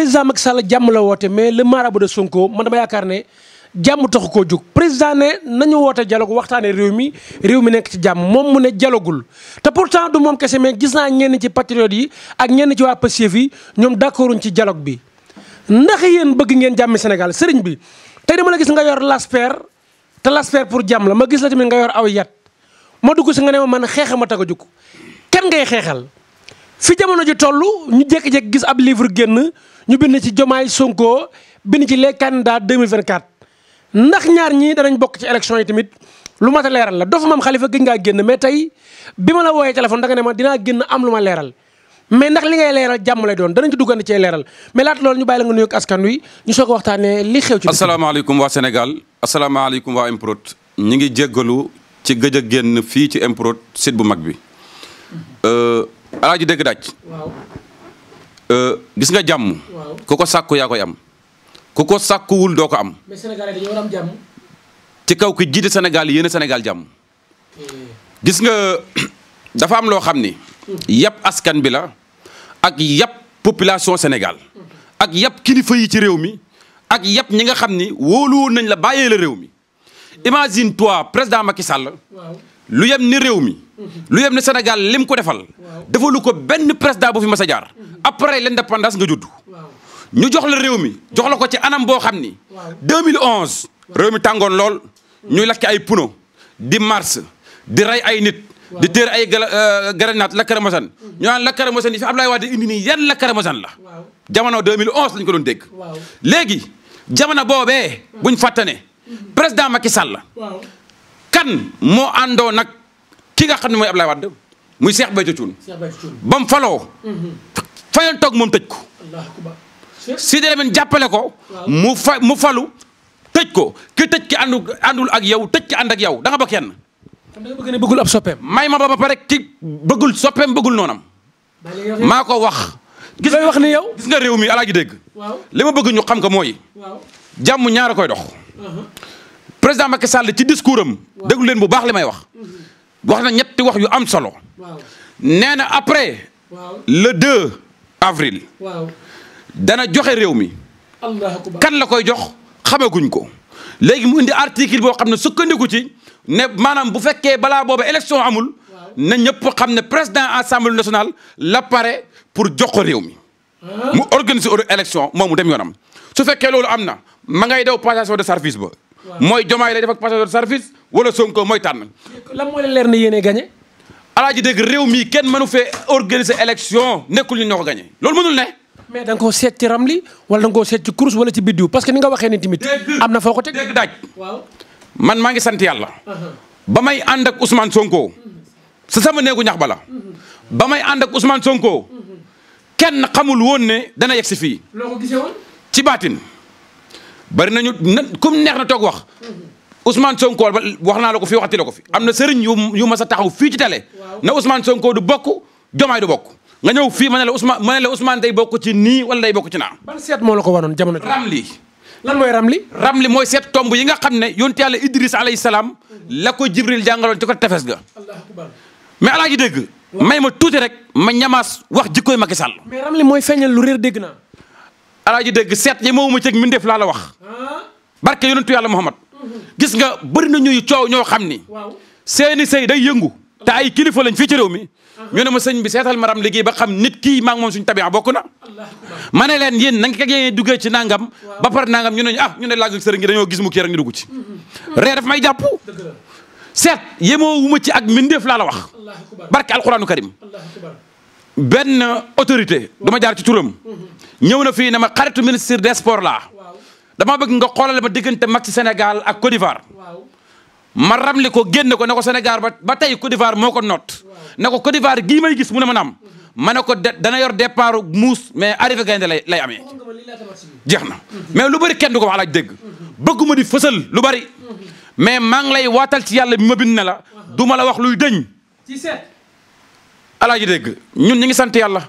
président ma Sall jàmm la woote mais le marabout de Sonko man dama yaakaar ne jàmm taxu koo jug président ne nañu woote dialogue waxtaanee réew mi réew mi nekk ci jàmm moom mu ne dialogul te pourtant du moom kese mais gis naa ñenn ci patriotes yi ak ñenn ci waa Pastef fi ñoom d'accorduñ ci dialogue bi. ndax yéen bëgg ngeen jàmmi Sénégal sëriñ bi tey dama la gis nga yor lasper te lasper pour jàmm la ma gis la tamit nga yor aw yat ma dugg si nga ne ma man xeex ma tax a jóg kenn ngay xeexal. fi jamono ji tollu ñu jékki-jékki gis ab livre génn ñu bind ci Jomaay Sonko bind ci les candidats 2024 ndax ñaar ñii danañ bokk ci élection yi tamit lu mat a leeral la dof maam xalifa gëj ngaa génn mais tey bi ma la wooyee téléphone danga ne ma génn am lu ma leeral mais ndax li ngay leeral jàmm lay doon danañ ci duggandi cee leeral mais laata loolu ñu bàyyi la nga nuyoog askan wi ñu soog a waxtaanee li xew ci. asalaamaaleykum waa Sénégal asalaamaaleykum waa Mprod ñu ngi jéggalu ci gëj a génn fii ci Mprod site bu mag bi. Euh, alaaji dëgg daaj euh, gis nga jàmm ko ko sàkku yaa koy am ku ko sàkkuwul doo ko am ci kaw ki jiite Sénégal yéen a Sénégal jàmm eh. gis nga dafa am loo xam ni hmm. yàpp askan bi la ak yàpp population Sénégal hmm. ak yàpp kilifa yi ci réew mi ak yàpp ñi nga xam ni wóolu woon nañ la bàyyee la réew mi hmm. imagine toi président Macky Sall waaw. lu yem ni réew mi lu yem ni Sénégal lim ko defal defalu ko benn président bu fi mas a jaar mm-hmm. après l'indépendance nga judd ñu jox la réew mi jox la ko ci anam boo xam ni 2011 réew mi tàngoon lool ñuy lakk ay puno di mars di rey ay nit di tër ay euh, grenade lacrymogène mm-hmm. ñu naan lacrymogène yi fi Abdoulaye Wade indi nii yan lacrymogène la jamono 2011 lañ ko doon dégg léegi jamono boobee mm-hmm. buñ fàttane président Macky Sall kan moo àndoo nag ki nga xam ne mooy Ablaye Wade muy Cheikh ba Thioune ba mu faloo fayoon toog moom tëj ko Sidi Lamine jàppale ko mu fa mu falu tëj ko ki tëj ki àndu àndul ak yow tëj ki ànd ak yow da ba kenn bëgg ne bëggul ab soppeem may ma ba ba pare ki bëggul soppeem bëggul noonam maa ko wax gis lay wax ni yow gis nga réew mi alaaji dégg li ma bëgg ñu xam ko mooy jàmm ñaara koy dox uh-huh. président Macky Sall ci discours am. déglu leen bu baax li may wax. Mhm. wax na ñetti wax yu am solo. nee na après. le 2 avril. dana joxe réew mi. kan la koy jox xamaguñ ko. léegi mu indi article boo xam ne sukkandiku ci ne maanaam bu fekkee balaa boobu élection amul. na ñëpp xam ne président assemblée national la pare pour jox ko réew mi. Ah. mu organiser election moom mu dem yoonam. su fekkee loolu am na ma ngay daw passation de service ba. mooy jomaay lay def ak passation service wala Sonko mooy tànn. lan moo leen leer ne yéenay gagné. alaaji dégg réew mi kenn mënu fee organiser election nekkul ñu ñoo ko gagné loolu mënul ne. mais da nga koo seet ci ramli wala da nga koo seet ci course wala ci biddiw parce que ni nga waxee ni tamit. am na foo ko teg dégg daaj. man maa ngi sant yàlla. Uh-huh. ba may ànd ak Ousmane Sonko. sa sama néegu ñax ba la. Uh-huh. ba may ànd ak Ousmane Sonko. Uh-huh. kenn xamul woon ne dana yegg si fii. loo ko gisee woon ci baatin. bari nañu na comme neex na toog wax Ousmane Sonko wax naa la ko fi waxati la ko fi am na sëriñ yu yu mas a taxaw fii ci tale na usmaan Sonko du bokk Diomaye du bokk nga ñëw fii ma ne la Ousmane ma la Ousmane day bokk ci nii wala day bokk ci naa. ban seet moo la ko waroon jamono Ramli. lan mooy Ramli. Ramli mooy seet tomb yi nga xam ne yonent Yàlla Idris alayhi salaam la ko Jibril jàngaloon ci ko tefes ga. mais alaaji dégg. may ma tuuti rek ma ñamaas wax jikkooy Macky Sall. mais Ramli mooy feeñal lu réer dégg naa. alaaji dégg seet yemewuma cëg min def laa la wax ah. barke yonentu yàlla Muhammad gis nga bëri na ñuy coow ñoo xam ni seeni sëy day yëngu te ay kilifa lañ fii ci réew mi ah. ñu ne ma sëñ bi seetal ma maram liggéey ba xam nit kii maa ngi moom suñu tabiya bokk na ma ne leen yéen nanga kak yéen duggee ci nangam ba par nangam ñu ne ah ñu ne laaj ak sëriñ dañoo gis mu kii rek ñu dugg ci mm-hmm. ree daf may jàpp seet yemoo wuma ci ak mindeef laa la wax barke alquranu karim benn autorité duma jaar ci ñëw na fii na ma xaritu ministre des sports laa dama bëgg nga xoolal ma diggante match Sénégal ak Côte d'Ivoire ma ramli ko génne ko na ko Sénégal ba ba tey Côte d'Ivoire moo ko noot ne ko Côte d'Ivoire gii may gis mu ne ma naam ma ne ko dana yor départ muus mais arrivé gaynde lay lay amee jeex na mais lu bari kenn du ko wax laaj dégg bëgguma di fësal lu bari mais maa ngi lay waatal ci yàlla bi ma bind ne la du la wax luy dëñ alaaji dégg ñun ñu ngi sant yàlla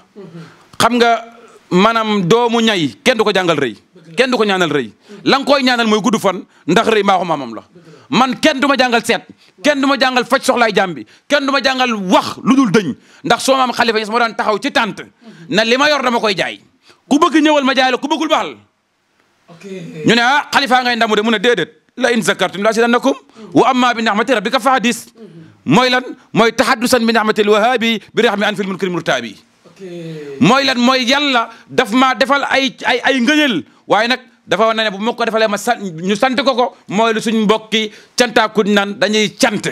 xam nga maanaam doomu ñay kenn du ko jàngal rëy kenn du ko ñaanal rey lan nga koy ñaanal mooy gudd fan ndax rëy maa ko la man kenn du ma jàngal seet kenn du ma jàngal faj soxlaay jaam kenn du ma jàngal wax lu dul dëñ ndax soo maam xalifa ñes moo daan taxaw ci tànt na li ma yor dama koy jaay ku bëgg ñëwal ma jaay la ku bëggul baxal ñu ne ah xalifaa ngay ndamu de mu ne déedéet la in zakartum la asidannakum wa amma bi ni'mati rabbika fahdis mooy lan mooy tahaddusan bi ni'matil wahaabi bi rahmi an fil munkari murtaabi mooy lan mooy yàlla daf maa defal ay ay ay ngëñal waaye nag dafa war ne bu ma ko defalee ma sant ñu sant ko ko mooy lu suñ mbokki cantaakuñ naan dañuy cant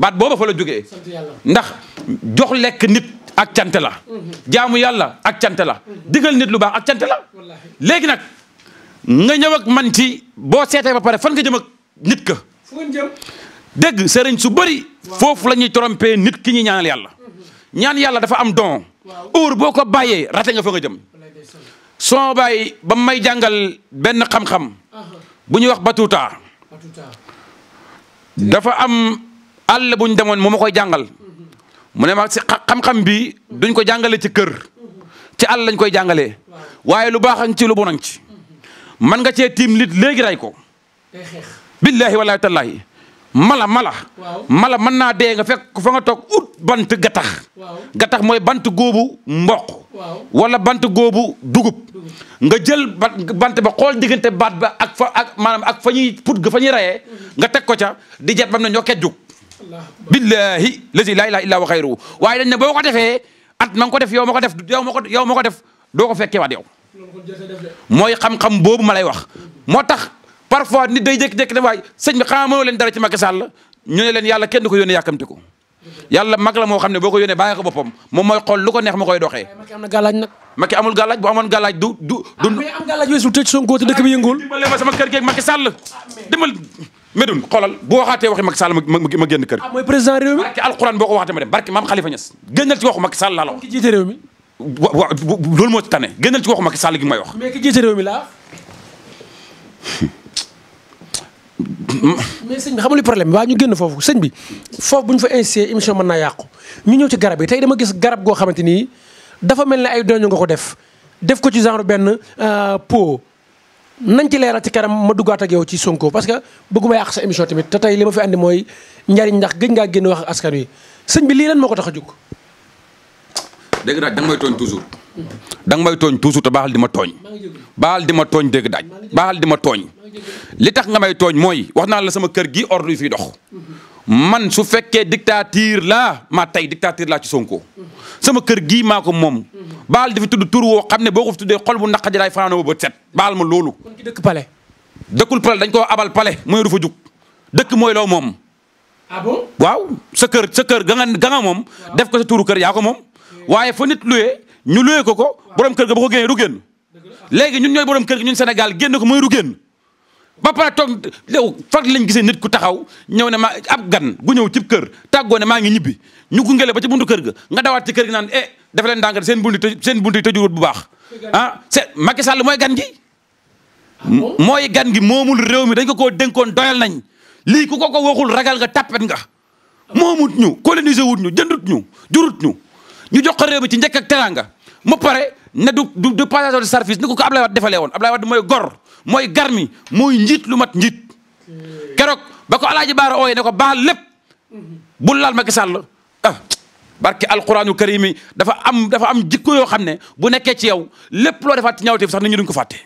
baat booba fa la jógee ndax jox lekk nit ak cant la mhm. jaamu yàlla ak cant la mhm. digal nit lu baax ak cant la léegi nag nga ñëw ak man ci boo seetee ba pare fan nga jëm ak nit ka dégg sëriñ su bëri foofu la ñuy trompé nit ki ñuy ñaanal yàlla mhm. ñaan yàlla dafa am don uur boo ko bàyyee rate nga fa nga jëm soo bàyyi ba may jàngal benn xam-xam uh-huh. bu ñuy wax batuta dafa am àll bu ñu demoon mu ma koy jàngal uh-huh. mu ne ma si xam-xam bi uh-huh. duñ ko jàngale ci kër ci àll lañ koy jàngalee waaye lu baax ci lu bonañ ci man nga cee tiim lit léegi ray ko billaahi wallaahi tallaahi mala mala. mala mën naa dee nga fekk fa nga toog ut bant gattax. gattax mooy bant góobu mboq. wala bant góobu dugub. nga jël bant ba xool diggante baat ba ak fa ak maanaam ak fa ñuy put ga fa ñuy rayee. Mhm. nga teg ko ca di jet bam ne ñoo kejjug. billahi lazi laa ilaaha illaa wa xayru waaye dañ ne boo ko defee at ma nga ko def yow ma ko def yow ma ko yow ma ko def doo ko fekkee waat yow. mooy xam-xam boobu ma lay wax mhm. moo tax. parfois nit day jékki-jékki ne waay sëñ bi xanaa moo leen dara ci Macky Sall ñu ne leen kenn du ko yónnee yàkkamti ko yàlla mag moo xam ne boo ko yónnee bàyyi ko boppam moom mooy xool lu ko neex mu koy doxee. Macky am na gàllaaj nag. Macky amul gàllaaj bu amoon gàllaaj du du. Ah, du mais am gàllaaj weesu tëj Sonko te dëkk bi yëngul. dimbale ma Sall dimbal ma ma ah, la wax. mais sëñ bi xamul problème waa ñu génn foofu sëñ bi foofu bu ñu fa insisté émission mën naa yàqu ñu ñëw ci garab yi tey dama gis garab goo xamante nii dafa mel ni ay doñu nga ko def def ko ci genre benn euh, pot nañ ci leeral ci kanam ma duggaat yow ci Sonko parce que bëgguma yàq sa émission tamit te tey li ma fi andi mooy njariñ ndax gëj ngaa génn wax askan wi sëñ bi lii leen moo ko tax a jóg dégg daaj danga may tooñ toujours danga may tooñ toujours te baaxal di ma tooñ baaxal di ma tooñ dégg daaj baaxal di ma tooñ li tax nga may tooñ mooy wax naa la sama kër gi ordre yi fiy dox man su fekkee dictature la maa tey dictature laa ci Sonko sama kër gii maa ko moom baal dafa tudd tuur woo xam ne boo ko fi tuddee xol bu naqadi laay fanaanoo ba bët set baal ma loolu. dëkk pale. dëkkul pale dañ koo abal pale mooy du fa jug dëkk mooy loo moom. ah waaw sa kër sa kër ga nga moom. def ko sa turu kër yaa ko moom. waaye foo nit luwee ñu luwee ko ko boroom kër ga boo ko génnee du génn léegi ñun ñooy borom kër gi ñun Sénégal génn ko mooy du génn ba pare toog léew fag lañ gisee nit ku taxaw ñëw ne maa ab gan gu ñëw cib kër tàggoo ne maa ngi ñibbi ñu gungele ba ci buntu kër ga nga dawaat ci kër gi naan eh dafa leen dàngal seen buntu seen buntu yi bu baax ah c'est Sall mooy gan gi gan gi moomul réew mi dañ ko koo dénkoon doyal nañ lii ku ko ko waxul ragal nga tàppet nga moomut ñu coloniser wut ñu jëndut ñu jurut ñu ñu jox ko réew mi ci njëkk ak teranga mu pare ne du du de passation de service ni ko ko Ablaye Wade defalee oon Ablaye Wade mooy gor mooy garmi mooy njiit lu mat njiit keroog ba ko alaaji baara ooyee ne ko baal lépp bu laal Macky Sall ah barke alquraanu karim yi dafa am dafa am jikko yoo xam ne bu nekkee ci yow lépp loo defaat ci ñaawteef sax nit ñu duñ ko fàtte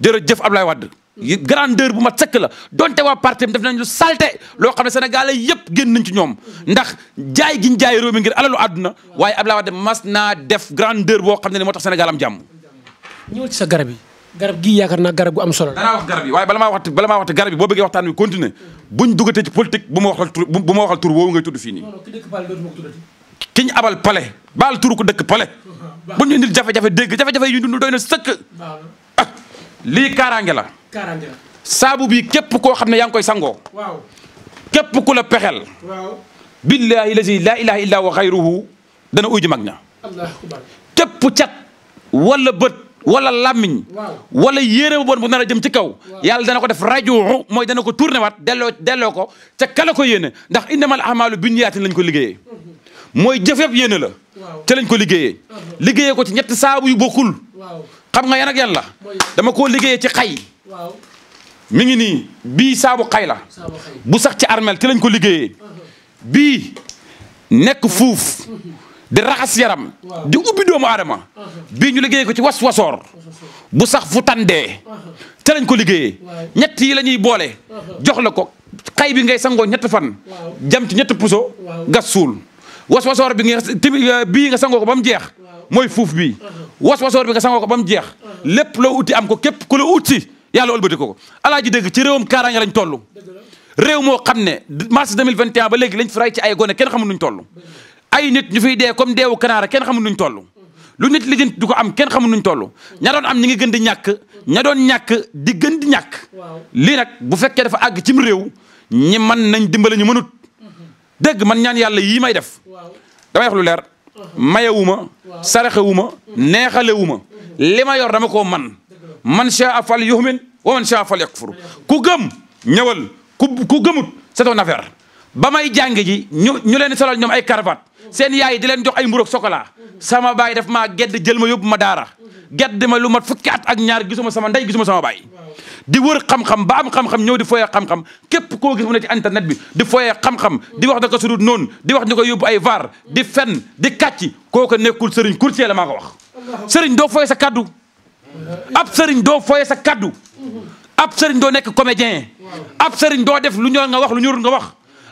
jërëjëf Ablaye Wade grandeur bu mat sëkk la donte waa parti def nañ lu salté loo xam ne sénégalais yëpp génn nañ ci ñoom ndax jaay giñ jaay réew mi ngir alalu adduna waaye Abdoulaye Wade mas naa def grandeur boo xam ne moo tax Sénégal am jàmm. ñëwal ci sa garab yi garab gii yaakaar naa garab gu am solo la. danaa wax yi waaye bala maa waxati bala maa waxati garab yi boo bëggee waxtaan wi continuer buñ duggatee ci politique bu ma waxal tur bu ma waxal tudd fii nii. ki ñu abal pale baal tur ko dëkk pale bu ñu indil jafe-jafe dégg jafe-jafe yu ñu dund doy na sëkk lii kaaraange la. kaaraange saabu bi képp koo xam ne yaa ngi koy sangoo. waaw képp la pexel. waaw billaahi lazi laa ilaaha illaa wa xayruhu dana uy ji mag ña. képp cat wala bët. wala làmmiñ wala yéere bu bon bu nar a jëm ci kaw yàlla dana ko def rajo mooy dana ko tourné waat delloo delloo ko ca kala ko yéene ndax innamal ahmaalu binniyaatin lañ ko liggéeyee mhm. mooy jëf yëpp yéene la ca lañ ko liggéeye mhm. liggéeye ko ci ñetti saabu yu bokkul xam nga yan ak yàlla dama koo liggéeyee ci xay mi ngi nii bii saabu xay la bu sax ci armel ci lañ ko liggéeyee uh-huh. bii nekk uh-huh. fuuf uh-huh. di raxas yaram di ubbi doomu aadama bii ñu liggéeyee ko ci was wasoor bu sax fu tandee te ko liggéeyee ñett yi la boole jox la ko xay bi ngay sangoo ñett fan jam ci ñett puso gas suul was wasoor bi nga euh, nga sangoo ko ba mu jeex mooy fuuf bi was-wasoor bi nga sangoo ko ba mu jeex lépp loo uti am ko képp ku la ut si yàlla ëlbati ko ko alaaji dëgg ci réewam kaaraange lañ toll réew moo xam ne mars 2021 ba léegi lañ fi ray ci ay gone kenn xamul nuñ toll ay nit ñu fiy dee comme deewu kanaara kenn xamul nuñ toll lu nit lijjant du ko am kenn xamul nuñ toll ña am ñi ngi gën di ñàkk ñadoon doon ñàkk di gën di ñàkk lii nag bu fekkee dafa àgg cim réew ñi man nañ dimbale ñu mënut dëgg man ñaan yàlla yii may def damay wax lu leer mayewuma saraxewuma neexalewuma li ma yor dama koo man man shaa fal yu'min wa man shaa fal yakfur ku gëm ñëwal ku ku gëmut c'est ton affaire ba may jàng ji ñu ñu leen solal ñoom ay cravate seen yaay di leen jox ay mburu ak sama baay def maa gedd jël ma yóbbu ma daara gedd ma lu mat fukki at ak ñaar gisuma sama ndey gisuma sama baay di wër xam-xam ba am xam-xam ñëw di foyee xam-xam képp koo gis mu ne ci internet bi di foyee xam-xam di wax da ko sudut noonu di wax ñu ko yóbbu ay var di fen di kàcci kooku nekkul seriñ courtier la maa ko wax seriñ doo foyee sa kaddu ab sëriñ doo foyee sa kaddu ab sëriñ doo nekk comédien ab sëriñ doo def lu ñor nga wax lu ñorul nga wax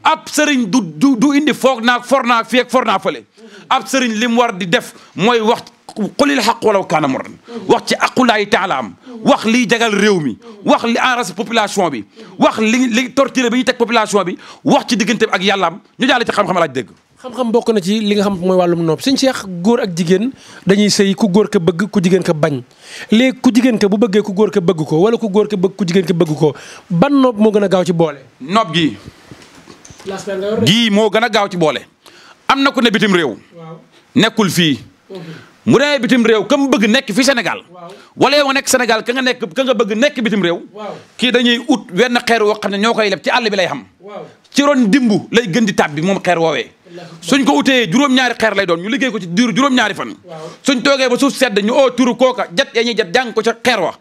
ab sëriñ du du du indi foog naa for naa fii for naa fële ab sëriñ li mu war di def mooy wax xulil xaq walaw kaana moran wax ci aqulaayi taalaam wax liy jagal réew mi wax li enrage population bi wax li li torturé bi ñuy teg population bi wax ci diggante bi ak yàllaam ñu jàll ci xam-xam alaaj dégg xam-xam bokk na ci li nga xam mooy wàllum nopp suñ seex góor ak jigéen dañuy sëy ku góor ke bëgg ku jigéen bañ léegi ku jigéen bu bëggee ku góor ka bëgg ko wala ku góor ka bëgg ku jigéen ka bëgg ko ban nopp moo gën a gaaw ci boole nopp gi gii moo gën a gaaw ci boole. am na ku ne bitim réew. nekkul fii. mu demee bitim réew ka mu bëgg nekk fi senegal wala yow nga nekk Sénégal ka nga nekk ka nga bëgg nekk bitim réew. kii dañuy ut wenn xeer woo xam ne ñoo koy leb ci àll bi lay xam. ci ron dimbu lay gën di tàbbi moom xeer woowee. suñ ko utee juróom-ñaari xeer lay doon ñu liggéey ko ci diir juróom-ñaari fan. suñ toogee ba suuf sedd ñu oo turu kooka jat ya ñuy jat jàng ko ca xeer wa.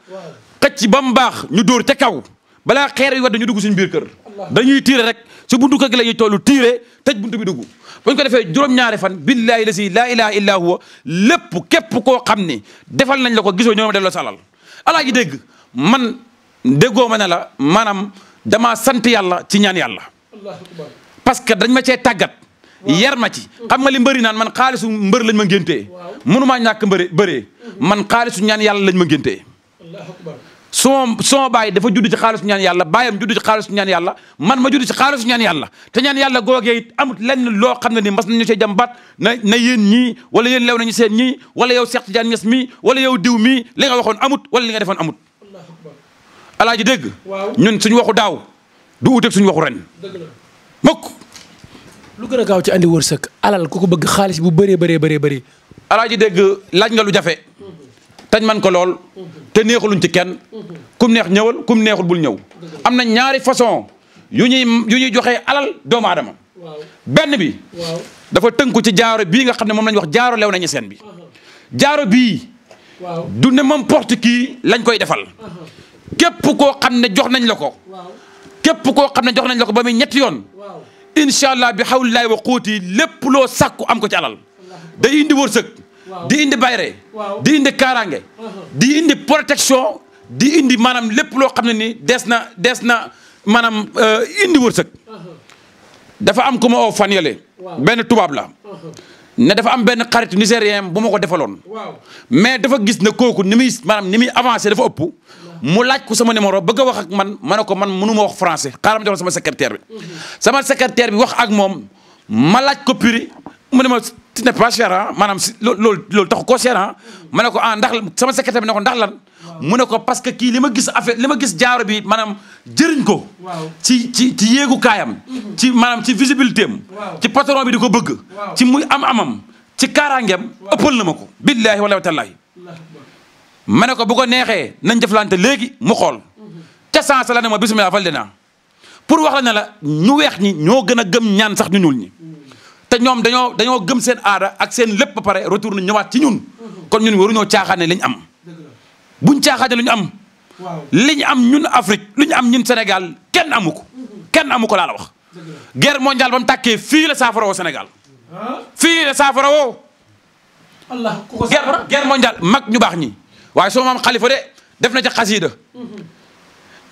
xëcc ba mu baax ñu dóor ca kaw balaa xeer yi wadd dugg suñ biir kër dañuy tiire rek si buntu kër gi la ñuy toll tiire tëj buntu bi dugg buñ ko defee juróom ñaare fan billahi la si laa ilaha illa huwa lépp képp koo xam ni defal nañ la ko gisoo ñoom delloo salal alal alaa ji dégg man déggoo ma ne la maanaam damaa sant yàlla ci ñaan yàlla parce que dañ ma cee tàggat yar ma ci xam nga li mbëri naan man xaalisu mbër lañ ma ngéntee mënumaa ñàkk mbëri bëree mm-hmm. man xaalisu ñaan yàlla lañ ma ngéntee suma suma baay dafa judd ci xaalisu ñaan yàlla baayam judd ci xaalisu ñaan yàlla man ma judd ci xaalisu ñaan yàlla te ñaan yàlla googee it amut lenn loo xam ne ni mas na nañu see jàmbat na na yéen ñii wala yéen lew nañu seen ñii wala yow Cheikh Tidiane Niass mii wala yow diw mii li nga waxoon amut wala li nga defoon amut alaaji dégg ñun suñu waxu daaw du uteeg suñu waxu ren mukk lu gën a gaaw ci andi wërsëg alal ku ko bëgg xaalis bu bëree bëree bëree bëri alaaji dégg laaj nga jafe tañ man ko lool te neexuluñ ci kenn kum neex ñëwal kum neexul bul ñëw am na ñaari façon yu ñuy yu ñuy joxee alal doomu aadama benn bi dafa tënku ci jaaro bii nga xam ne moom lañ wax jaaro lew nañu seen bi jaaro bii du ne n'importe qui lañ koy defal képp koo xam ne jox nañ la ko koo xam ne jox nañ la ko ba muy ñetti yoon incha allah bi xawlillahi wa quuti lépp loo sàkku am ko ci alal day indi wërsëg di indi bayre di indi kaaraange uh-huh. di indi protection di indi maanaam lépp loo xam ne ni des na des na maanaam euh, indi wërsëg uh-huh. dafa am ku ma oo fan yële benn tubaab la uh-huh. na dafa am benn xarit nigérien bu ma ko defaloon mais dafa gis ne kooku ni muy maanaam ni muy avancé dafa ëpp mu laaj ko sama numéro bëgg a wax ak man ma ne ko man mënu ma wax français xaaral ma jox sama secrétaire bi sama secrétaire bi wax ak moom ma laaj ko mu ne ce n'est pas cher ah maanaam si loolu loolu koo cher ma ne ko ah ndax sama secrétaire bi ne ko ndax lan mu ne ko parce que kii li ma gis affaire li ma gis jaaro bi maanaam jëriñ ko ci ci ci yéegu kaayam mhm. ci maanaam ci visibilité am ci patron bi di ko bëgg ci muy am amam ci kaaraangeem ëppal na ma ko billaahi wala watallaahi ma ne ko bu ko neexee nañ jëflante léegi mu xool te mhm. sens la ne ma bisimilah fal dinaa pour wax la ne la ñu weex ñi ñoo gën a gëm ñaan sax ñu ñuul ni te ñoom dañoo dañoo gëm seen aada ak seen lépp ba pare retour ñëwaat ci ñun kon ñun ñoo caaxaane li ñu am buñ caaxaane li ñu am li ñu am ñun Afrique lu ñu am ñun senegal kenn amu ko kenn amu ko laala wax guerre mondiale takkee fii la saafara woo Sénégal fii la saafara woo allah guerre guerre mag ñu baax ñi waaye soo maam xalifa de def na ci xasiida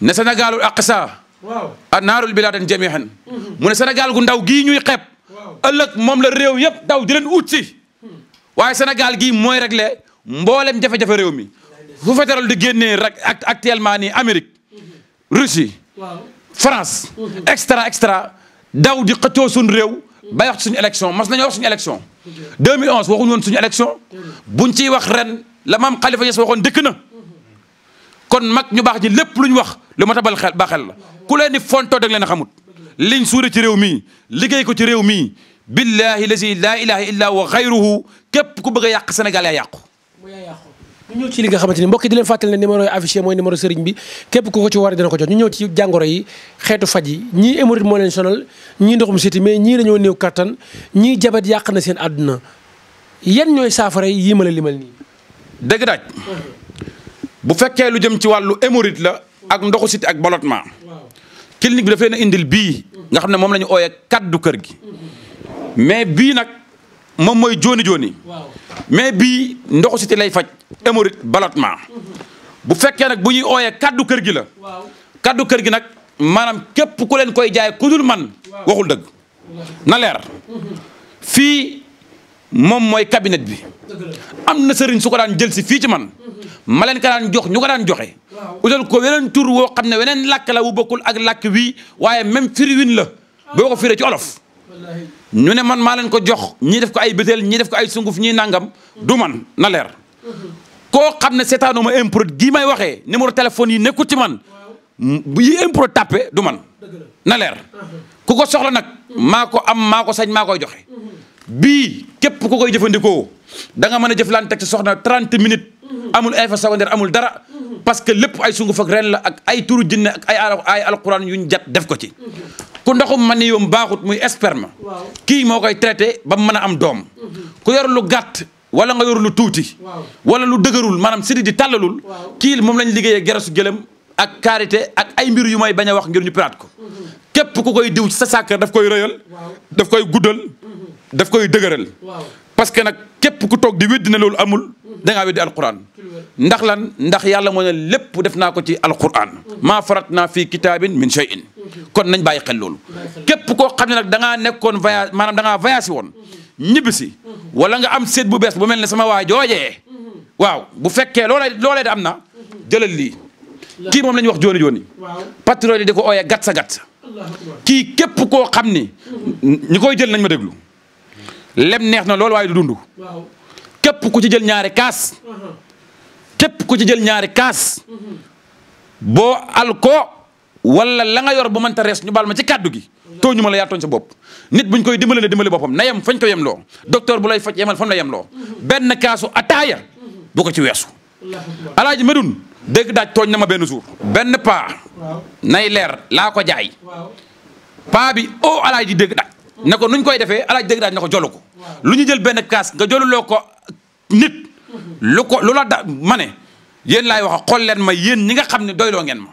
ne Sénégalul aqsa a naarul biladan jamihan mhm. mu ne Sénégal gu ndaw gii ñuy xeeb ëllëg moom la réew yëpp daw di leen ut si waaye Sénégal gii mooy réglé mboolem jafe-jafe réew mi fu fédéral di génnee rek actuellement nii Amérique Russie France extra extra daw di xëccoo suñu réew ba wax suñu élection mas nañoo wax suñu élection 2011 waxuñu woon suñu élection buñ ciy wax ren la maam Khalifa Niass waxoon dëkk na kon mag ñu baax ñi lépp lu ñu wax lu ma tabal xel baaxel la ku leen di fontoo da nga leen a xamut liñ suure ci réew mii liggéey ko ci réew mii billahi lazi laa ilaha illa wa xayruhu képp ku bëgg yàq Sénégal yaa yàqu ñu ñëw ci li nga xamante ni mbokk di leen fàttali ne numéro yi affiché mooy numéro sëriñ bi képp ku ko ci war dina ko jot ñu ñëw ci jàngoro yi xeetu faj yi ñii hémorroïde moo leen sonal ñii ndoxum siti mais ñii dañoo néew kattan ñii jabat yàq na seen àdduna yan ñooy saafara yi yii ma limal nii dëgg daaj bu fekkee lu jëm ci wàllu hémorroïde la ak ndoxu siti ak ballottement clinique bi daf a indil bii nga xam ne moom la ñu ooyee kaddu kër gi mhm. mais bii nag moom mooy jooni jooni mais bi ndoxu siti lay faj hémorroïde ballottement bu fekkee nag bu ñuy ooyee kaddu kër gi la kaddu kër gi nag maanaam képp ku leen koy jaay ku dul man waxul dëgg na leer fii moom mooy cabinet bi am na sëriñ su ko daan jël si fii ci man ma leen ko daan jox ñu ko daan joxe utal ko weneen tur woo xam ne weneen lakk la wu bokkul ak lakk wii waaye même firiwin la ah. boo ko firee ci olof ñu ne man maa leen ko jox ñii def ko ay bëteel ñii def ko ay sunguf ñii nangam du man na leer koo xam ne seetaanu ma improd gii may waxee numéro téléphone yi nekkul ci man yi improd tàppe du man na leer ku ko soxla nag maako am maa ko sañ maa koy joxe bii képp ku koy jëfandikoo da nga mën a jëflante ak soxna 30 minutes amul effet secondaire amul dara parce lépp ay sunguf ak ren la ak ay turu jinne ak ay ay alquran yuñ jat def ko ci ku ndoxum man yoom baaxut muy sperme kii moo koy traité ba mën a am doom ku yor lu gàtt wala nga yor lu tuuti wala lu dëgërul maanaam sidi di tàllalul kii moom lañ liggéeyee gerasu gëlëm ak karité ak ay mbir yu may bañ wax ngir ñu piraat ko képp ku koy diw ci sa sàkkar daf koy rëyal daf koy guddal mhm. daf koy dëgëral parce que nag képp da ngaa weddi alquran ndax lan ndax yàlla moo ne lépp def naa ko ci alquran maa farat naa fii kitaabin min shay'in kon nañ bàyyi xel loolu képp koo xam ne nag nekkoon voyage maanaam da ngaa woon ñibbisi wala nga am seet bu bees bu mel ne sama waajooje waaw bu fekkee loolee loolee am na jëlal li kii moom wax jooni jooni patriote yi di ko ooyee gat sa gat sa kii képp koo xam ni ñu koy jël nañ ma déglu lem neex na loolu waaye du képp ku ci jël ñaari kaas képp ku ci jël ñaari kaas boo al ko wala la nga yor bu mënta rees ñu baal ma ci kàddu gi too ñu ma la yaa tooñ sa bopp nit buñ koy dimbale ne dimbale boppam na yem fañ ko yem loo bu lay faj yemal fam loo benn kaasu ataaya bu ko ci weesu alaaji medun dégg daaj tooñ na benn jour benn paa nay leer laa ko jaay paa bi o oh, alaaji dégg daaj ne ko nuñ koy defee alaaji dégg daaj na ko jolu ko jël benn kaas nga joluloo ko nit lu ko lu la da ma ne yéen laay wax xool leen ma yéen ñi nga xam ne doyloo ngeen ma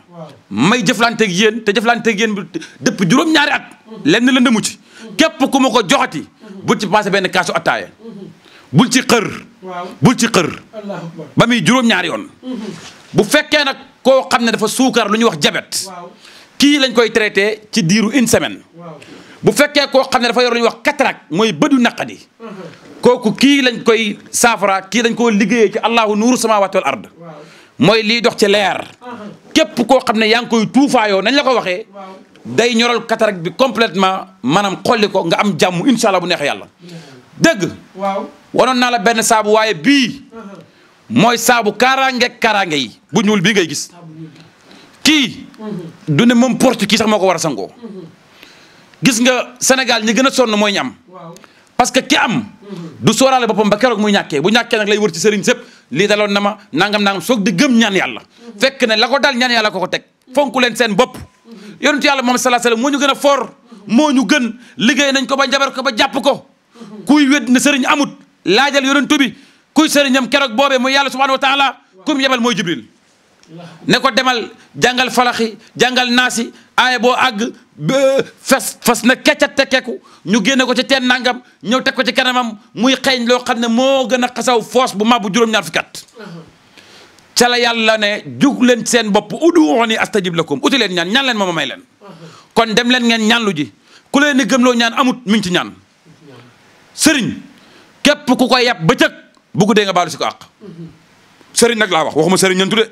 may jëflanteeg yéen te jëflanteeg yéen bi dëpp juróom-ñaari at uhuh. lenn la ndëmu ci uhuh. képp ku ma ko joxati uhuh. bul ci passé benn kaasu attaaya bul ci xër bul ci xër ba muy juróom-ñaari yoon bu fekkee nag koo xam ne dafa suukar lu ñuy wax jabet kii lañ koy traité ci diiru une semaine bu fekkee koo xam ne dafa yor lu wax cataracte mooy bët yu naqadi kooku kii lañ koy saafara kii lañ koo liggéeyee ci allahu nuuru samawati wal ard mooy liy dox ci leer uh-huh. képp koo xam ne yaa ngi koy tuufaayoo nañ la ko waxee day ñoral cataracte bi completement maanaam xolli ko nga am jàmm incha allah bu neex yàlla dëgg waaw wanoon naa la benn saabu waaye bii uh-huh. mooy saabu kaaraange kaaraange yi bu ñuul bii ngay gis kii uh-huh. dune moom porte kii sax moo ko war a sangoo gis nga Sénégal ñi gën a sonn mooy ñu am. parce que ki am. Mhm. du sóoraale boppam ba keroog muy ñàkkee bu ñàkkee nag lay wër ci sëriñ sëpp lii daloon na ma nangam nangam soog di gëm ñaan yàlla. Mhm. fekk ne la ko dal ñaan yàlla ko ko teg. fonku leen seen bopp. Mhm. yonent yàlla moom salaa salaam moo ñu gën a foor moo ñu gën liggéey nañ ko ba njabar ko ba jàpp ko. kuy wét ne sëriñ amut laajal yonent bi kuy sëriñam keroog boobee muy yàlla subhanahu wa taala kum yebal mooy jibril ne ko demal jàngal falaxi jàngal naasi aaya boo àgg fas fas na keccat te keku ñu génne ko ci teen nangam ñëw teg ko ci kanamam muy xeeñ loo xam ne moo gën a xasaw foos bu mabbu juróom-ñaar fukki at ca yàlla ne jug leen seen bopp uduuni astajib lakum uti leen ñaan ñaan leen mooma may leen kon dem leen ngeen ñaanlu ji ku leen gëm loo ñaan amut mi ci ñaan sëriñ képp ku ko yàpp bëccëg bu guddee nga baalu si ko àq sëriñ nag laa wax waxuma sëriñ ñantu de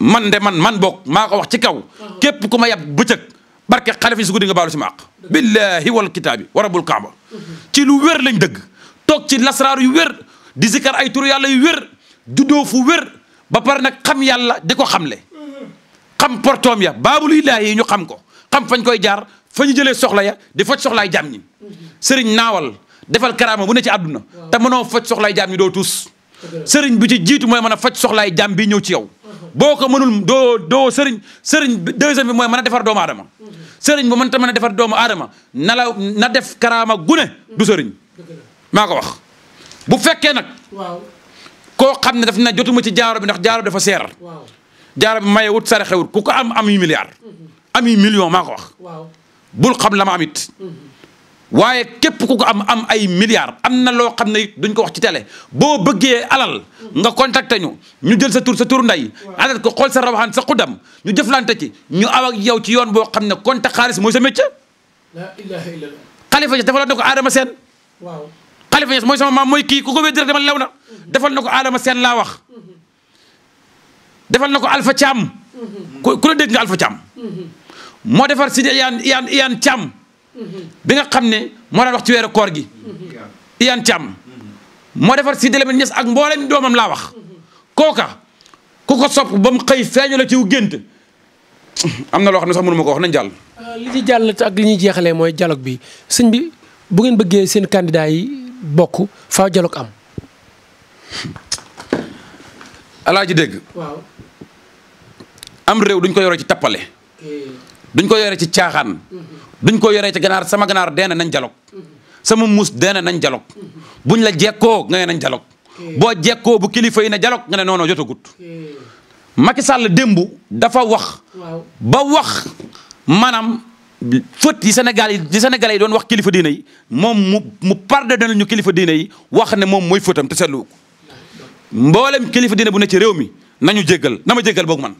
man de man man boog maa ko wax ci kaw képp ku ma yab bëccëg barke xalifi su guddi nga baalu si ma àq billahi wal kitaabi wa rabul kaaba ci lu wér lañ dëgg toog ci lasraar yu wér di zikar ay turu yu wér juddoo fu wér ba pare nag xam yàlla di ko xam le xam portoom ya baabul ilaahi yi ñu xam ko xam fañ koy jaar fa ñu jëlee soxla ya di faj soxlaay jaam ñi sëriñ naawal defal karaama bu ne ci àdduna te mënoo faj soxlaay jaam ñi doo tuus sëriñ bi ci jiitu mooy mën a faj soxlaay jaam bi ñëw ci yow boo ko mënul doo doo sëriñ sëriñ deuxième bi mooy mën a defar doomu adama sëriñ bu mën ta mën a defar doomu aadama na na def karaama gune du sëriñ maa ko wax bu fekkee nag koo xam ne daf na jotuma ci jaaro bi ndax jaaro dafa seer jaaro bi maye wut saraxe wut ku ko am am yu milliard uhuh. am million maa ko wax bul xam la waaye képp ku ko am am ay milliards am na loo xam ne it duñ ko wax ci tale boo bëggee alal nga contacté ñu ñu jël sa tur sa tur nday adat ko xool sa rawaxaan sa xudam ñu jëflante ci ñu aw ak yow ci yoon boo xam ne compte xaalis mooy sa métier. la ilaha illallah. Khalifa ko Adama Sène. waaw Khalifa mooy sama maam mooy kii ku ko wéddi rek dama lew na. Mhm. defal na ko Adama Sène laa wax. Mhm. defal na ko Alpha Thiam. Mhm. ku ku la dégg nga Alpha Thiam. moo defar Sidi Iyane Iyane Iyane Thiam. bi nga xam ne moo daan wax ci weeru koor gi Iyane Thiam mm-hmm. moo defar si Lamine Niass ak mboolem doomam laa wax mm-hmm. kooka ku ko sopp ba mu xëy feeñu la ci wu gént am na loo xam ne sax mënu ma ko wax nañ jàll euh, li ci jàll ak li ñuy jeexalee mooy dialogue bi sëñ bi bu ngeen bëggee seen candidat bokk faaw dialogue am alaaji dégg waaw am réew duñ ko yore ci tappale duñ ko yore ci caaxaan mm-hmm. duñ ko yoree ci ganaar sama ganaar deena nañ dialogue sama muus deena nañ bu buñ la jekkoo nga ne nañ dialogue boo jekkoo bu kilifa yi ne dialogue nga ne noono jotagut Macky Sall démb dafa wax ba wax maanaam fët yi Sénégal yi di yi doon wax kilifa diine moom mu mu pardonné ñu kilifa diine yi wax ne moom mooy fëtam te mboolem kilifa diine bu ne ci réew mi nañu jéggal na ma jéggal boog man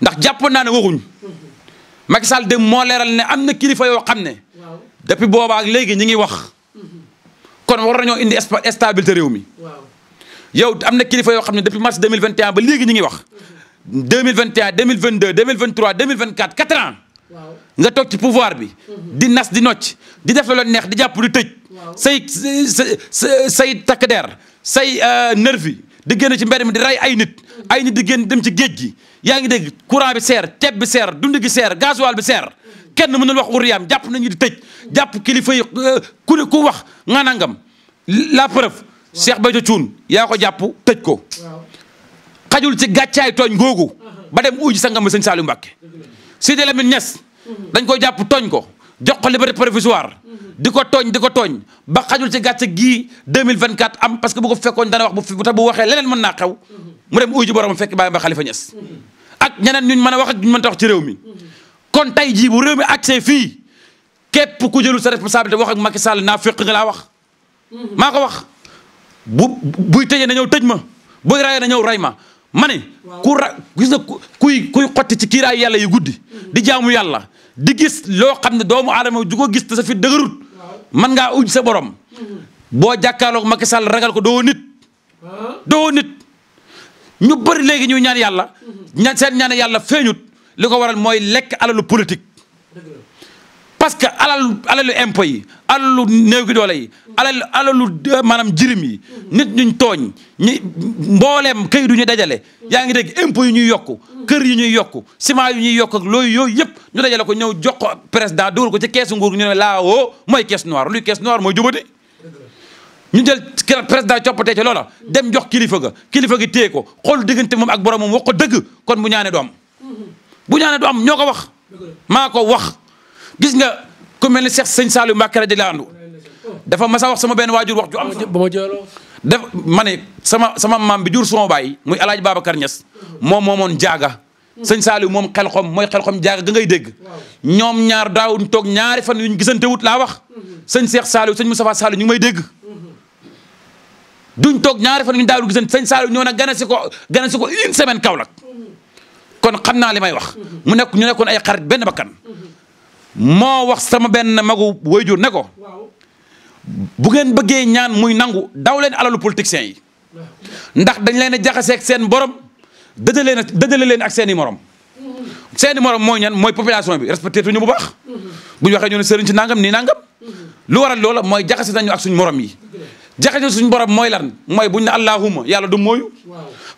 ndax jàpp naa ne waxuñ mhm. Macky Sall dem moo leeral ne am na kilifa yoo xam ne. depuis boobaak léegi ñi ngi wax. Mm-hmm. kon war ñoo indi stabilité réew mi. yow am na kilifa yoo xam ne depuis mars 2021 ba léegi ñi ngi wax. 2021 2022 2023 2024 4 ans. nga toog ci pouvoir bi. Mm-hmm. di nas di nocc di def la neex di jàpp di tëj. say say say takk der say euh, nervi di ci mbedd mi di rey ay nit ay nit di dem ci géej gi yaa ngi dégg courant bi seer ceeb bi seer dund gi seer gasoil bi seer kenn mënul wax wuriyaam jàpp nañu di tëj jàpp kilifa yi euh, ku ne ku wax nga nangam la preuve Cheikh Béthio Thioune yaa ko jàpp tëj ko xajul ci gàccaay tooñ googu ba dem uji sangam sëñ Saliou Mbacké Sidi Lamine Niass dañ ko jàpp tooñ ko jox ko liberté provisoire di ko tooñ di ko tooñ ba xajul ci mille vingt 2024 am parce que bu ko fekkoon a wax bu fi bu waxee leneen mën naa xew mu dem uyu ji borom fekk bàyyi ba Khalifa Niass ak ñeneen ñuñ mën a wax ak ñu man a ci réew mi kon tey jii bu réew mi accès fii képp ku jëlul sa responsabilité wax ak Macky Sall naa fekk nga laa wax maa ko wax bu buy tëjee na ñëw tëj ma buy rayee na ñëw ray ma ma ne ku ra gis nga kuy kuy xotti ci kiiraayu yàlla yu guddi di jaamu yàlla di gis loo xam ne doomu aadama ju ko gis te sa fi dëgërut man ngaa uj sa borom boo jàkkaarloog Macky Sall ragal ko doo nit doo nit ñu bëri léegi ñu ñaan yàlla ñaan seen ñaan yàlla feeñut li ko waral mooy lekk alalu politique parce que alalu alalu impôt yi alalu néew gi doole yi alalu alalu euh, maanaam jirim yi nit ñuñ tooñ ñi mbooleem këyit yu ñu dajale yaa ngi dégg impôt yu ñuy yokku kër yi ñuy yokku ciment yi ñuy yokk ak loolu yooyu yëpp ñu dajale ko ñëw jox ko président dugal ko ci keesu nguur ñu ne laa woo mooy caisse noire luy caisse noire mooy jubati ñu jël président coppatee ci loola dem jox kilifa ga kilifa gi téye ko xool diggante moom ak borom moom dëgg kon bu ñaane du am bu ñaane du am ñoo ko wax maa ko wax gis nga ku mel ni Cheikh Sëñ Saliou Mbacké radiyallahu anhu dafa mas a wax sama benn waajur wax ju am ba ma jëloo def ma ne sama sama maam bi jur sama baay muy El baaba Babacar Niass moom moomoon jaaga. sëñ Saliou moom xel xom mooy xel xom jaaga ngay dégg. ñoom ñaar daawuñ toog ñaari fan yuñ gisante wut laa wax. sëñ Cheikh Saliou sëñ Moustapha Saliou ñu may dégg. duñ toog ñaari fan yuñ daawul gisante sëñ Saliou ñëw na gane ko gane si ko une semaine Kaolack. kon xam naa li may wax. mu nekk ñu nekkoon ay xarit benn bakkan. moo wax sama benn magu wayjur ne ko bu ngeen bëggee ñaan muy nangu daw leen alalu politiciens yi ndax dañ leen a jaxaseeg seen borom dëjale leen dëjale leen ak seen i morom seen i morom mooy ñan mooy population bi respecté tuñu bu baax bu ñu waxee ñu ne sëriñ si nangam nii nangam lu waral loola mooy jaxase nañu ak suñ moroom yi jaxase suñ borom mooy lan mooy buñ ne allahuma yàlla du mooyu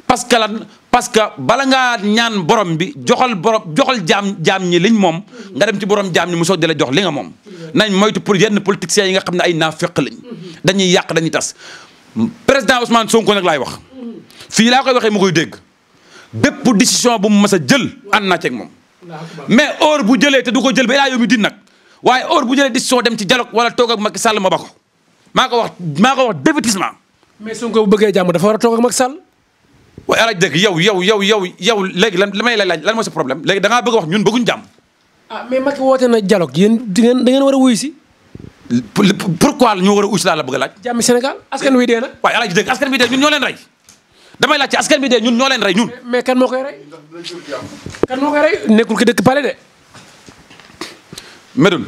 parce lan parce que bala ngaa ñaan borom bi joxal borom joxal jaam jaam ñi liñ moom nga dem ci borom jaam ñi mu soog di la jox li nga moom nañ moytu pour yenn politiciens yi nga xam ne ay naafeq lañ dañuy yàq dañuy tas président Ousmane Sonko nag laay wax fii laa koy waxee mu koy dégg bépp décision bu mu mës a jël ànd naa ceeg moom mais heure bu jëlee te du ko jël ba laa yomi din nag waaye heure bu jëlee décision dem ci dialogue wala toog ak Macky Sall ma ba ko maa ko wax maa ko wax dévétissement mais Sonko bu bëggee jàmm war a toog ak Sall waaye alaaj dëgg yow yow yow yow yow léegi lan may lay laaj lan mooy sa problème léegi da ngaa bëgg wax ñun bëgguñ jàmm. ah mais Macky woote na dialogue yéen di ngeen da war a wuyu si. pourquoi ñu war a wuyu si laa la bëgg a laaj. jàmm Sénégal askan wi dee na. waaye alaaj dëgg askan wi dee ñun ñoo leen rey damay askan bi dee ñun ñoo leen rey ñun. mais kan moo koy rey. kan moo koy rey nekkul ki dëkk pale de. Medoune.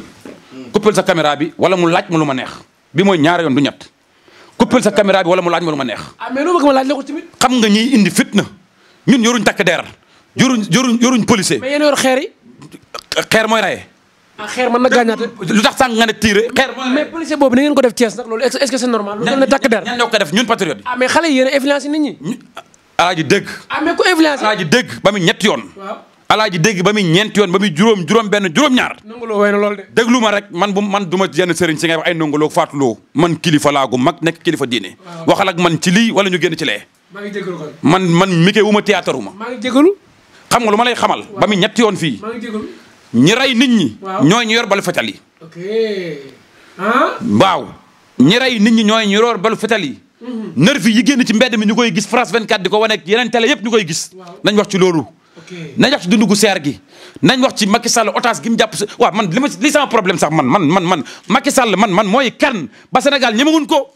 coupé sa caméra bi wala mu laaj ma lu ma neex bi mooy ñaari yoon du ñett. coupé sa caméra bi wala mu laaj ma lu ma neex. ah mais loolu bëgg ma laaj la ko tamit. xam nga ñiy indi fitna ñun yoruñ takk der yoruñ yoruñ yoruñ mais yéen yor xeer yi. xeer mooy raye. ah xeer mën na gaañaate. lu tax sànq nga ne tiire xeer. mais policier boobu na ngeen ko def Thiès nag loolu est ce que c'est normal. loolu la takk der ñan ñoo ko def ñun patriote yi. ah mais xale yi yéen a influencé nit ñi. alaaji dégg. ah mais ku influencé ba mu ñetti yoon. waaw alaaji dégg ba muy ñeenti yoon ba muy juróom juróom benn juróom ñaar nongoloo way na lool de déglu rek man bu man du ma jenn sëriñ si ngay wax ay nongoloo faatuloo man kilifa laa gu mag nekk kilifa diine waxal ak man ci lii wala ñu génn ci lee maa man man mike wu ma théâtre wu maa ngi jégalu xam nga lu ma lay xamal ba mi ñetti yoon fii maa ñi rey nit ñi ñooy ñu yor balu fetal yi ah? waaw ñi rey nit ñi ñooy ñu yor balu fetal yi mhm. nervi yi génn ci mbedd mi ñu koy gis France 24 di ko wane yeneen télé yëpp ñu koy gis wax ci loolu nañ wax ci dundu seer gi nañu wax ci Macky Sall otage gi mu jàpp waaw man li ma li sama problème sax man man man man Macky man man mooy kan ba Sénégal ñemewuñ ko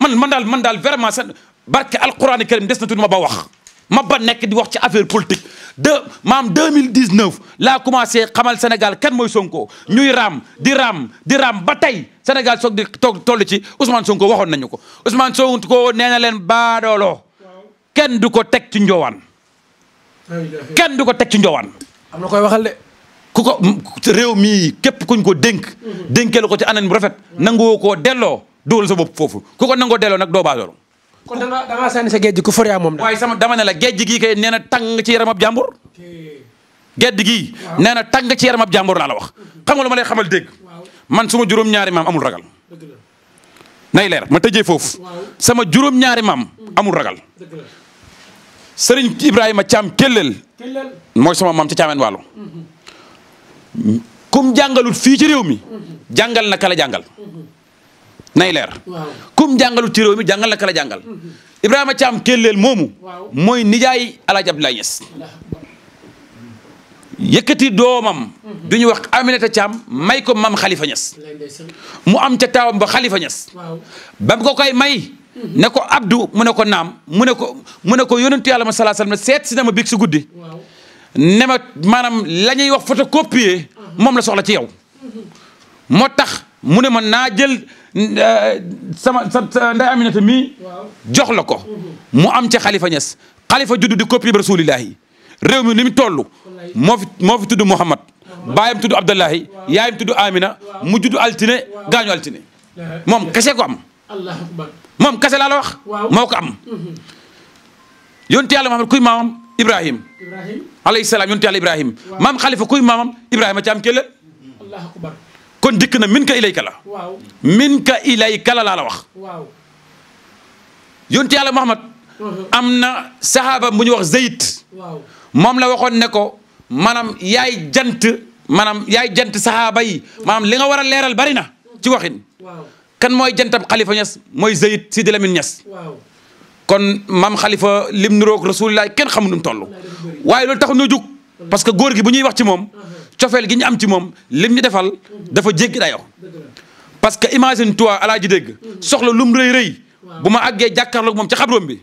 man man daal man daal vraiment seen barke alquran karim des na tuuti ma ba wax. ma ba nekk di wax ci affaire politique de maam 2019 laa commencé xamal senegal kan mooy Sonko ñuy raam di raam di raam ba tey Sénégal soog di toog toll ci Ousmane Sonko waxoon nañu ko Ousmane Sonko nee na leen baadooloo kenn du ko teg ci njoowaan kenn du ko teg ci njowaan am na koy waxal de ku ko réew mii képp kuñ ko dénk mhm. dénkeelu ko ci anam bu rafet mhm. nangoo ko delloo dugal sa bopp foofu ku ko nangoo delloo nag doo baadoolo kon da nga da sa géej gi ku moom waaye sama dama ne la géej gi kay neena na tàng ci yaram ab jàmbur géej gi nee na tàng ci yaram ab jàmbur laa la wax mhm. xam nga lu ma lay xamal dégg man suma juróom-ñaari maam amul ragal nay leer ma tëjee foofu sama juróom-ñaari maam amul ragal sëriñ Ibrahima Thiam Kellel mooy sama maam ca Thiamène Waalo mm-hmm. kum jàngalut fii ci réew mi mm-hmm. jàngal na kala jàngal mm-hmm. nay leer kum jàngalut ci réew mi jàngal na kala jàngal Ibrahima Thiam Kellel moomu mooy nijaay Alaaji Abdoulaye Niass yëkkati doomam du ñu wax Aminata Thiam may ko mam Khalifa Niass mu am ca taawam ba Khalifa Niass ba ko koy may ne ko Abdou mu ne naam mu ne ko mu ne ko yónantu yàlla ma salaa salaam seet si na ma biig si guddi. ne ma maanaam la ñuy wax photocopier mhm. moom la soxla ci yow. Mhm. moo tax mu ne ma naa jël euh, sama sa nday Aminata mii. jox la ko. Mhm. mu am ca Khalifa Niass Khalifa juddu di copier ba rasulillahi réew mi ni mu toll moo fi moo fi tudd Mouhamad baayam tudd Abdallahi yaayam tudd Amina mu juddu altine gaañu altine moom kese ko am. moom kase laa la wax. moo ko am. Mm-hmm. yonti yàlla Muhammad kuy maamam Ibrahim. Ibrahim alayhi salaam yonti yàlla Ibrahim. maam xalifa kuy maamam Ibrahima ci am kële. kon dikk na min ka ilayka la. waaw min ka ilayka wax. waaw yonti yàlla Muhammad mm-hmm. am na saxaaba bu wax Zayd. waaw moom la waxoon ne ko maanaam yaay jant maanaam yaay jant saxaaba yi maanaam li nga war a leeral bari na ci waxin. kan mooy jantam xalifa ñes mooy Zeyid Sidi Lamine ñes kon maam xalifa lim nuroog rasulilah kenn xamu nu mu toll waaye loolu taxu ñu jug parce que góor gi bu ñuy wax ci moom cofeel gi ñu am ci moom lim ñu defal dafa jéggi dayo parce que imagine toi alaa ji dégg soxla lum rëy rëy bu ma àggee jàkkaarloog moom ci xabroom bi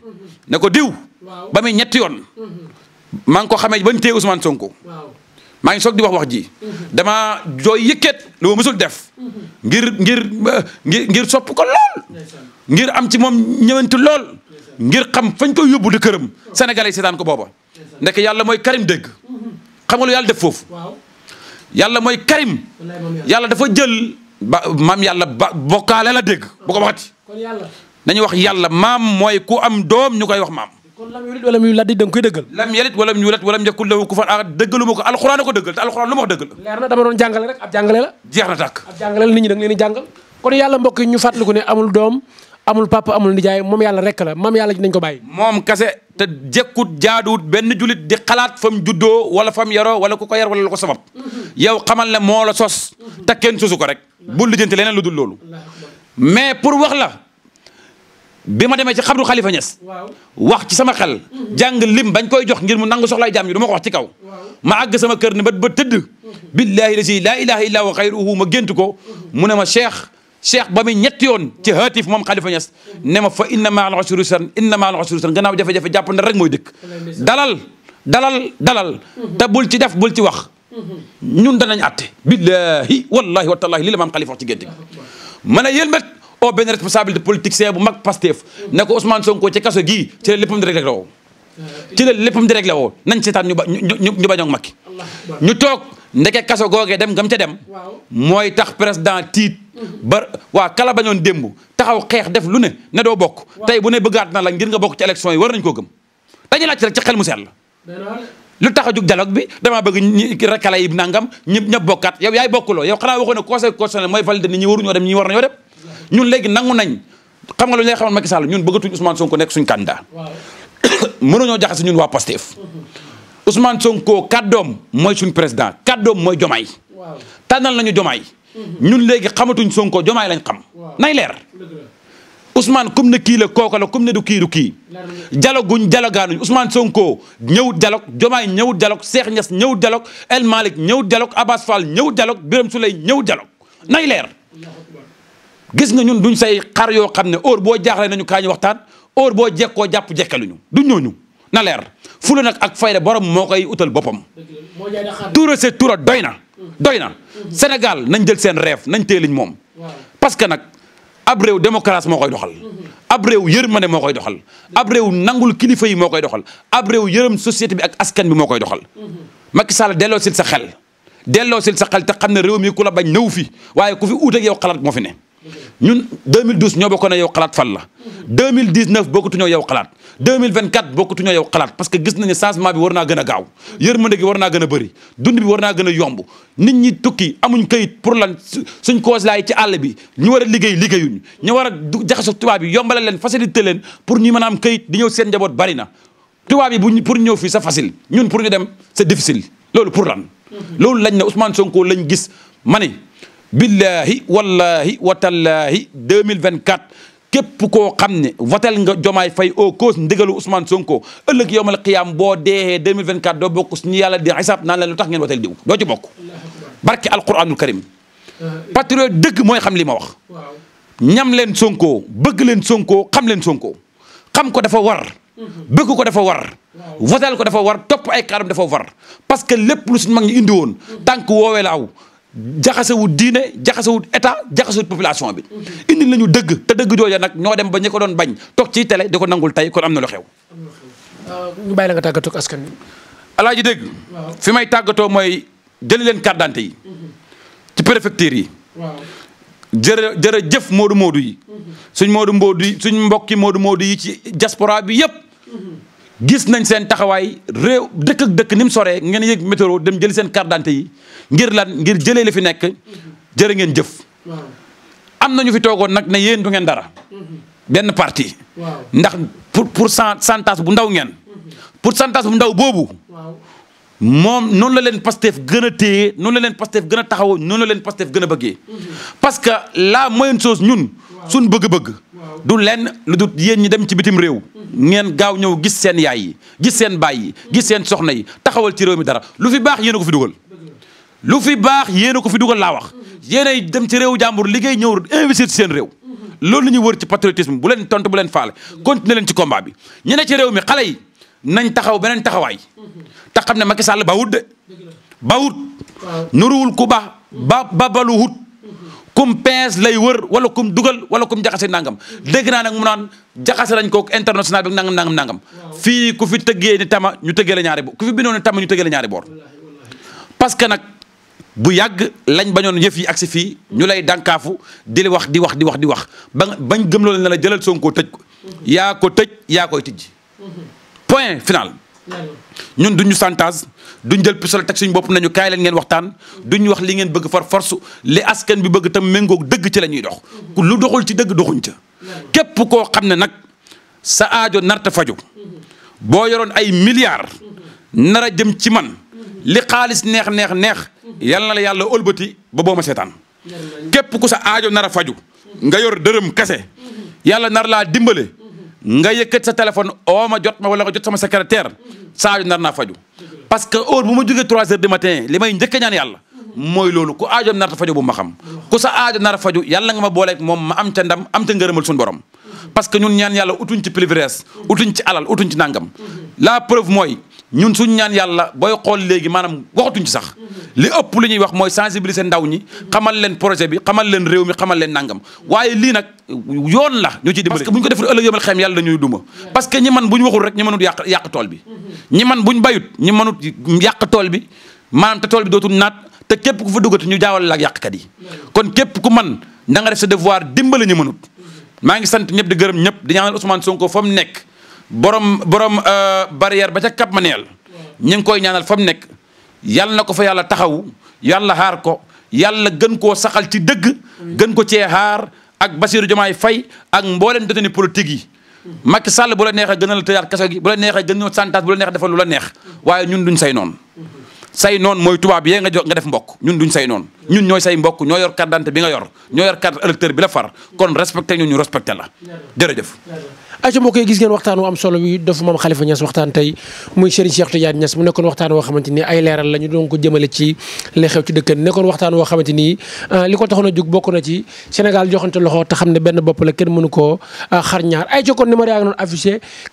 ne ko diw ba muy ñetti yoon maa ngi ko xamee bañ téye Ousmane Sonko maa ngi soog di wax wax ji dama jooy yëkkat lu ma mësul def ngir ngir ngir sopp ko lool ngir am ci moom ñëwantu lool ngir xam fañ koy yóbbu di këram sénégalais yi seetaan ko booba ndek yàlla mooy karim dégg xam nga lu yàlla def foofu yàlla mooy karim yàlla dafa jël ba maam yàlla ba bokkaale la dégg bu ko waxati nañu wax yàlla maam mooy ku am doom ñu koy wax maam kon lam yulit wala mu yulat da nga koy dëggal lam yelit wala mu yulat wala mu yakul lahu ko alxuraan a ko dëggal te alxuraan lu ma wax dëggal leer na dama doon jàngale rek ab jàngale la jeex na tàkk ab jàngale la nit ñi da nga jàngal kon yàlla mbokk yi ñu fàttaliku ne amul doom amul papa amul nijaay moom yàlla rek la maam yàlla dinañ ko bàyyi moom kase te jekkut jaaduwut benn julit di xalaat fam juddoo wala fam yaroo wala ku ko yar wala lu ko sabab mhm. yow xamal ne moo la sos te kenn sosu ko rek bu lijjanti leneen lu dul loolu mais pour wax la bi ma demee ci xabru xalifa ñes wax ci sama xel jàng lim bañ koy jox ngir mu nangu soxlaay jaam ñi du ma ko wax ci kaw ma àgg sama kër ne ba ba tëdd billaahi la si laa ilaha illa wa xayruhu ma gént ko mu ne ma cheikh cheikh ba muy ñetti yoon ci haatif moom xalifa ñes ne ma fa inna ma usri yusran inna maal usri yusran gannaaw jafe-jafe jàpp na rek mooy dëkk dalal dalal dalal te bul ci def bul ci wax ñun danañ atte billaahi wallahi wa tallaahi lii la maam xalifa wax ci gént oo benn responsabilité politique c'est bu mag Pastef ne ko Ousmane Sonko ci kaso gii ci la léppam di réglé woo ci la léppam di réglé woo nañ seetaan ñu ba ñu bañoog Macky ñu toog ndeke kaso googee dem gam ca dem mooy tax président tiit ba waa kala bañoon démb taxaw xeex def lu ne ne doo bokk tey bu ne bëggaat na la ngir nga bokk ci élection yi war nañ koo gëm dañuy laaj rek ci xel mu sell la lu tax a jug dialogue bi damaa bëgg ñi rakala yi nangam ñëpp bokkaat yow yaay war nañoo dem ñun léegi nangu nañ xam nga lu ñuy xamal Macky Sall ñun bëggatuñ Ousmane Sonko nekk suñ candidat ñoo jaxas ñun waa Pastef mm-hmm. Ousmane Sonko kàddoom mooy suñ président kàddoom mooy jomaay tànnal nañu jomaay mm-hmm. ñun léegi xamatuñ Sonko jomaay lañ xam nay leer Ousmane comme ne kii la kooka la comme ne du kii du kii dialoguñ dialogaanuñ usmaan Sonko ñëwut dialogue jomaay ñëwut dialogue Cheikh ñas ñëwut dialogue El Malick ñëwut dialogue Abass Fall ñëwut dialogue Birame Souleye nay leer gis nga ñun duñ say xar yoo xam ne heure boo jaaxlee nañu kaa ñu waxtaan heure boo jekkoo jàpp jekkaluñu duñ ñooñu na leer fula nag ak fayda borom moo koy utal boppam. tuura se tuura doy na. doy na Sénégal nañ jël seen rêve nañ téye liñ moom. parce que nag ab réew démocratie moo koy doxal. ab réew yërmande moo koy doxal. ab réew nangul kilifa yi moo koy doxal. ab réew yërëm société bi ak askan bi moo koy doxal. Macky Sall delloo sil sa xel. delloo sil sa xel te xam ne réew mi ku la bañ ñëw fi waaye ku fi uut ak yow moo fi ne. ñun 2012 ñoo bokkoon ne yow xalaat fal la 2019 bokkatuñoo yow xalaat 2024 bokkatuñoo yow xalaat parce que gis nañu changement bi war naa gën a gaaw yërmande gi war naa gën a bëri dund bi war naa gën a yomb nit ñi tukki amuñ këyit pour lan suñ cause laay ci àll bi ñu war a liggéey liggéeyuñ ñu war a jaxasoo tubaab yi yombale leen facilité leen pour ñu mën a am këyit di ñëw seen njaboot bari na tubaab yi buñ pour ñëw fii c'est facile ñun pour ñu dem c'est difficile loolu pour lan mm-hmm. loolu lañ ne Ousmane Sonko gis ma ne billaahi wallaahi watallaahi 2024 képp koo xam ne votel nga jomaay fay o cause ndigalu Ousmane Sonko ëllëg yowmal qiyaam boo deexee 2024 doo bokk suñu yàlla di xisaab naan la lu tax ngeen votel diw doo ci bokk barke alquranul karim patriote dëgg mooy xam li ma wax ñam leen Sonko bëgg leen Sonko xam leen Sonko xam ko dafa war bëgg ko dafa war votel ko dafa war topp ay kaaram dafa war parce que lépp lu suñu mag ñi indi woon tànk woowee laaw jaxasewut diine jaxasewut état jaxasewut population bi. Mhm. indi lañu dëgg te dëgg jooja nag ñoo dem ba ñi ko doon bañ toog ci télé di ko nangul tey kon am na lu xew. Euh, ñu bàyyi la nga tàggatoo ak askan wi. alaaji dégg. fi may tàggatoo mooy jëli leen carte d'identité yi. Mhm. ci préfecture yi. jërë jërëjëf Modou Modou yi. Mhm. suñ moodu Modou yi suñ mbokki Modou Modou yi ci diaspora bi yëpp. gis nañ seen taxawaay réew dëkk dëkk ni mu soree ngeen yëg météo dem jëli seen carte d'identité yi ngir lan ngir jëlee la fi nekk jërë ngeen jëf. am na ñu fi toogoon nag ne yéen du ngeen dara. Mm-hmm. benn parti. ndax pour pour pourcentage bu ndaw ngeen. Mm-hmm. pourcentage bu ndaw boobu. moom noonu la leen Pastef gën a téye noonu la leen Pastef gën a taxawoo noonu la leen Pastef gën a bëggee. Mm-hmm. parce que la moyenne soos ñun. suñ bëgg-bëgg. du lenn lu dul yéen ñi dem ci bitim réew ngeen gaaw ñëw gis seen yaay yi gis seen baay yi gis seen soxna yi taxawal ci réew mi dara lu fi baax yéen a ko fi dugal lu fi baax yéen a ko fi dugal laa wax yéenay dem ci réew jàmbur liggéey ñëw investir ci seen réew loolu la ñuy wër ci patriotisme bu leen tontu bu leen faale continuer leen ci combat bi ñu ne ci réew mi xale yi nañ taxaw beneen taxawaay te xam ne Macky Sall bawut de bawut nuruwul ku ba ba babalu wut kum pince lay wër wala kum dugal wala kum jaxasee nangam dégg naa nag mu naan jaxase nañ ko international bi nangam nangam nangam fii ku fi tëggee ni tama ñu tëggee la ñaari boor ku fi bindoo ni tama ñu parce que nag bu yàgg lañ bañoon yëf yi agsi fii ñu lay dànkaafu di wax di wax di wax di wax ba bañ gëm loolu ne la jëlal Sonko tëj ko yaa ko tëj yaa koy tijji point final ñun duñu chantage duñ jël pistole teg suñu bopp nañu kaay leen ngeen waxtaan duñ wax li ngeen bëgg far fors li askan bi bëgg tam méngoog dëgg ci la ñuy dox lu doxul ci dëgg doxuñ ca képp koo xam ne nag sa aajo narta faju boo yoroon ay milliards nar a jëm ci man li xaalis neex neex neex yal na la yàlla ëlbati ba boo ma seetaan képp ko sa aajo nar a faju nga yor dërëm kese yàlla nar laa dimbale nga yëkkat sa téléphone oo ma jot ma wala nga jot sama secrétaire saa yu nar naa faju parce que heure bu ma jógee 3 heures du matin li may njëkk ñaan yàlla mooy loolu ku aajoom nar a bu ma xam ku sa aajo nar faju yàlla nga ma booleeg moom ma am ca ndam am ca ngërëmal suñu borom parce que ñun ñaan yàlla utuñ ci privilège utuñ ci alal utuñ ci nangam la preuve mooy ñun suñ ñaan yàlla booy xool léegi maanaam waxatuñ ci sax li ëpp lu ñuy wax mooy sensibiliser ndaw ñi xamal leen projet bi xamal leen réew mi xamal leen nangam waaye lii nag yoon la ñu ci dimbali parce que bu ñu ko defee ëllëg yëmal xeem yàlla dañuy duma parce que ñi man bu ñu waxul rek ñi mënut yàq yàq tool bi ñi man buñ bayut ñi mënut yàq tool bi maanaam te tool bi dootul naat te képp ku fa duggati ñu jaawal la ak yàqkat yi kon képp ku man da nga def sa devoir dimbali ñu mënut maa ngi sant ñëpp di gërëm ñëpp di ñaanal Ousmane Sonko fa mu nekk borom borom euh, barrière ba ca Cap Manuel ñu ngi koy ñaanal fa mu nekk yàlla na ko fa yàlla taxawu yàlla xaar ko yàlla gën koo saxal ci dëgg. gën ko cee xaar ak Bassirou Diomaye fay ak mbooleem détenu politique yi. Macky Sall bu la neexee gën a la tëjaat kaso gi bu la neexee gën ñoo santaas bu la neexee defal lu la neex waaye ñun duñ say noon say noon mooy tubaab yee nga jo nga def mbokk ñun duñ say noon ñun ñooy say mbokk ñoo yor carte d'identité bi nga yor ñoo yor carte électeur bi la far kon respecté ñu ñu respecté la jërëjëf aca mbokk yi gis ngeen waxtaan wu am solo wi dafa maam Khalifa Niass waxtaan tey muy Serigne Cheikh Tidiane Niass mu nekkoon waxtaan woo xamante ni ay leeral ko jëmale ci li xew ci dëkkan nekkoon waxtaan woo xamante ni euh, li loxo xam ne benn bopp la kenn mënu koo euh, xar ñaar ay ci kon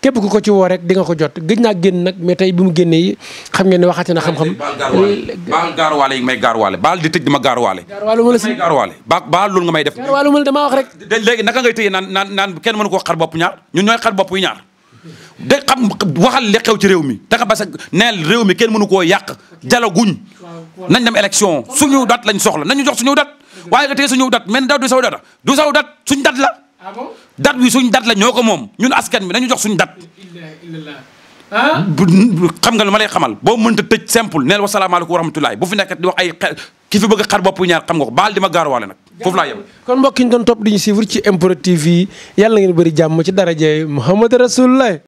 képp ku ko ci woo rek di nga ko jot gëj naa génn nag mais tey bi mu génnee yi xam ngeen ne waxaate na xam-xam baal gaarwaale yi may ma gaaruwaale gaaruwaale ba ba loolu nga may def dama wax rek léegi naka ngay tëye naan naan naan kenn mënu ko xar bopp ñaar ñun ñooy xar bopp yu ñaar de xam waxal li xew ci réew mi taxa parce que neel réew mi kenn mënu koo yàq jalaguñ nañ dem élection suñu dat lañ soxla nañu jox suñu dat waaye nga tëye suñu dat men da du saw data du saw dat suñ dat la ah dat wi suñ dat la ñoo ko moom ñun askan bi nañu jox suñ dat xam nga lu ma lay xamal boo mënta tëj simple neel wa salaamaaleykum wa rahmatullahi bu fi nekk di wax ay ki fi bëgg xar bopp ñaar xam nga baal di ma gaaruwaale nag foofu laa yem kon mbokk yi ñu doon topp di ñu suivre ci MPROD TV yi yàlla na ngeen bëri jàmm ci daraje Muhammad Rasulullah